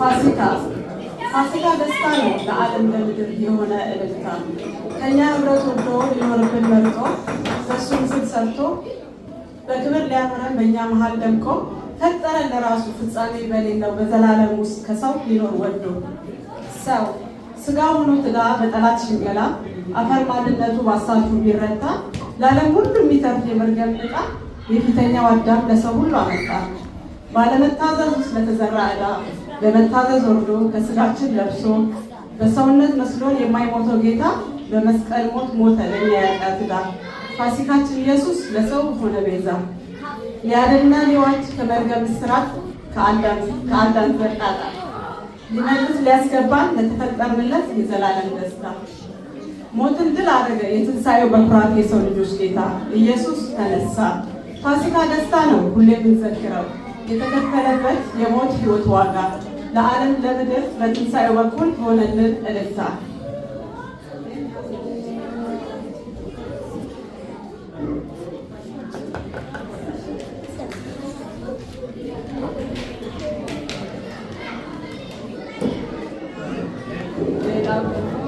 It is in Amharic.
ፋሲካ ፋሲካ ደስታ ነው ለዓለም ለምድር የሆነ እልልታ ከኛ ህብረት ወዶ ሊኖርብን መርጦ በእሱ ምስል ሰርቶ በክብር ሊያኖረን በእኛ መሀል ደምቆ ፈጠረ ለራሱ ፍጻሜ በሌለው በዘላለም ውስጥ ከሰው ሊኖር ወዶ ሰው ስጋ ሆኖ ትጋ በጠላት ሽንገላ አፈር ማድነቱ ባሳቱ ቢረታ ለዓለም ሁሉ የሚተርፍ የመርገም ዕጣ የፊተኛው አዳም ለሰው ሁሉ አመጣ ባለመታዘዝ ውስጥ ለተዘራ ዕዳ በመታዘዝ ወርዶ ከስጋችን ለብሶ በሰውነት መስሎን የማይሞተው ጌታ በመስቀል ሞት ሞተ ለእኛ ኃጢአት ዕዳ። ፋሲካችን ኢየሱስ ለሰው ሆነ ቤዛ። ሊያድንና ሊዋጅ ከመርገም እስራት ከአንዳንድ መጣጣ ሊመልስ ሊያስገባን ለተፈጠርንለት የዘላለም ደስታ ሞትን ድል አደረገ የትንሣኤው በኩራት የሰው ልጆች ጌታ ኢየሱስ ተነሳ። ፋሲካ ደስታ ነው ሁሌ የምንዘክረው የተከፈለበት የሞት ሕይወት ዋጋ ለዓለም ለምድር በትንሣኤው በኩል ሆነልን እልልታ Thank you.